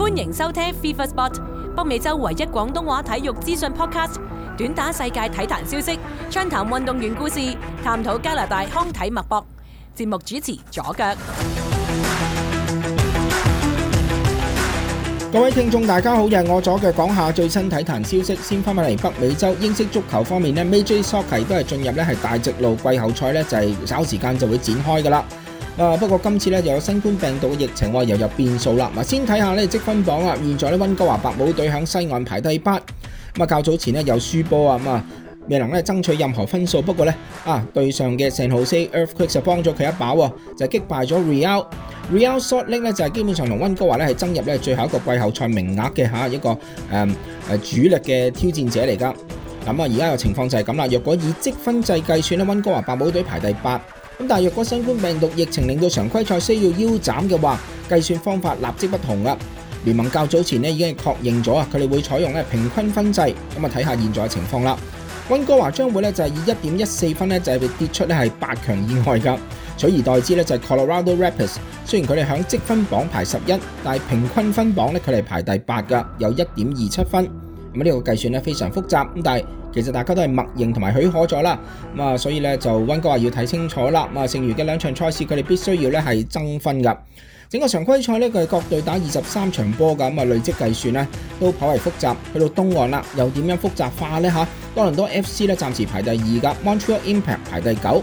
歡迎收聽 FIFA Spot，北美洲唯一廣東話體育資訊 podcast，短打世界體壇消息，暢談運動員故事，探討加拿大康體脈搏。節目主持左腳，各位聽眾大家好，又係我左腳講下最新體壇消息，先翻返嚟北美洲英式足球方面咧，Major Soccer 都係進入咧係大直路季後賽咧，就係稍時間就會展開噶啦。啊！不過今次咧又有新冠病毒嘅疫情喎又有變數啦。嗱，先睇下咧積分榜啊！現在咧溫哥華白帽隊響西岸排第八，咁啊，較早前咧有輸波啊，咁啊，未能咧爭取任何分數。不過咧啊，對上嘅聖荷西 Earthquake 就幫咗佢一把喎，就擊敗咗 Real。Real Salt Lake 咧就係基本上同溫哥華咧係爭入咧最後一個季後賽名額嘅嚇一個誒誒主力嘅挑戰者嚟㗎。咁嘛，而家嘅情況就係咁啦。若果以積分制計算咧，溫哥華白帽隊排第八。咁但若果新冠病毒疫情令到常規賽需要腰斬嘅話，計算方法立即不同啦。聯盟較早前咧已經係確認咗啊，佢哋會採用咧平均分制。咁啊睇下現在嘅情況啦。溫哥華將會咧就係以一點一四分咧就係被跌出咧係八強以外噶取而代之咧就係 Colorado Rapids，雖然佢哋響積分榜排十一，但係平均分榜咧佢哋排第八噶有一點二七分。咁、這、呢個計算咧非常複雜，咁但係其實大家都係默認同埋許可咗啦，咁啊所以咧就溫哥華要睇清楚啦，咁啊剩餘嘅兩場賽事佢哋必須要咧係爭分噶。整個常規賽咧佢係各隊打二十三場波噶，咁啊累積計算咧都頗為複雜，去到東岸啦又點樣複雜化咧吓？多倫多 FC 咧暫時排第二噶，Montreal Impact 排第九。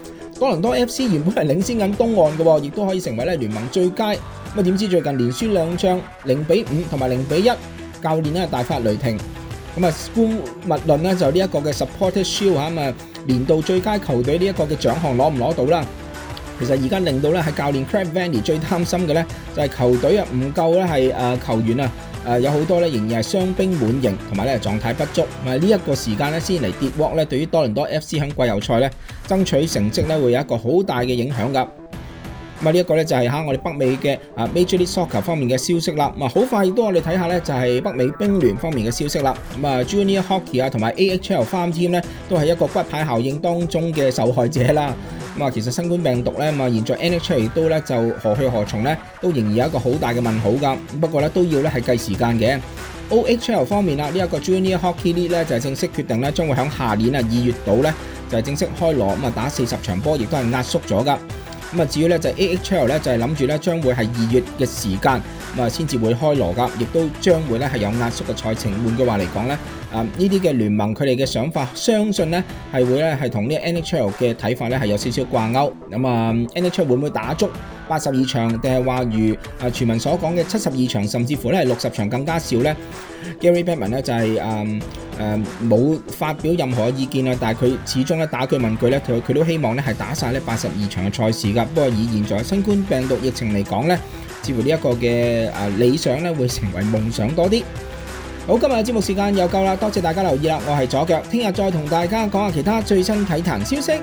多倫多 FC 原本係領先緊東岸嘅，亦都可以成為咧聯盟最佳。咁啊點知最近連輸兩仗，零比五同埋零比一，教練啊大發雷霆。咁啊，姑勿論咧就呢一個嘅 Supporters' Shield 嚇，咁啊年度最佳球隊呢一個嘅獎項攞唔攞到啦？其實而家令到咧係教練 Greg Vanney 最擔心嘅咧，就係球隊啊唔夠咧係誒球員啊。有好多仍然係傷兵滿營，同埋狀態不足，咪呢一個時間咧先嚟跌蝕，對於多倫多 FC 喺季後賽咧爭取成績咧會有一個好大嘅影響㗎。咁啊呢一個咧就係嚇我哋北美嘅啊 Major League Soccer 方面嘅消息啦。咁啊好快亦都我哋睇下咧就係北美冰聯方面嘅消息啦。咁啊 junior hockey 啊同埋 AHLfarm team 咧都係一個骨牌效應當中嘅受害者啦。咁啊其實新冠病毒咧，咁啊現在 NHL 亦都咧就何去何從咧都仍然有一個好大嘅問號㗎。不過咧都要咧係計時間嘅。OHL 方面啦，呢一個 junior hockey league 咧就係正式決定咧將會喺下年啊二月度咧就係正式開鑼，咁啊打四十場波，亦都係壓縮咗㗎。咁啊，至於咧就係 AHL 咧就係諗住咧將會係二月嘅時間，咁啊先至會開羅噶，亦都將會咧係有壓縮嘅賽程。換句話嚟講咧，啊呢啲嘅聯盟佢哋嘅想法，相信咧係會咧係同呢 NHL 嘅睇法咧係有少少掛鈎。咁啊，呃，NHL 會唔會打足？八十二場，定係話如啊傳聞所講嘅七十二場，甚至乎咧係六十場更加少咧。Gary Bettman 咧就係誒誒冇發表任何嘅意見啦，但係佢始終咧打句問句咧，佢佢都希望咧係打曬咧八十二場嘅賽事㗎。不過以現在新冠病毒疫情嚟講咧，似乎呢一個嘅啊理想咧會成為夢想多啲。好，今日嘅節目時間又夠啦，多謝大家留意啦，我係左腳，聽日再同大家講下其他最新體壇消息。